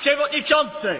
Przewodniczący!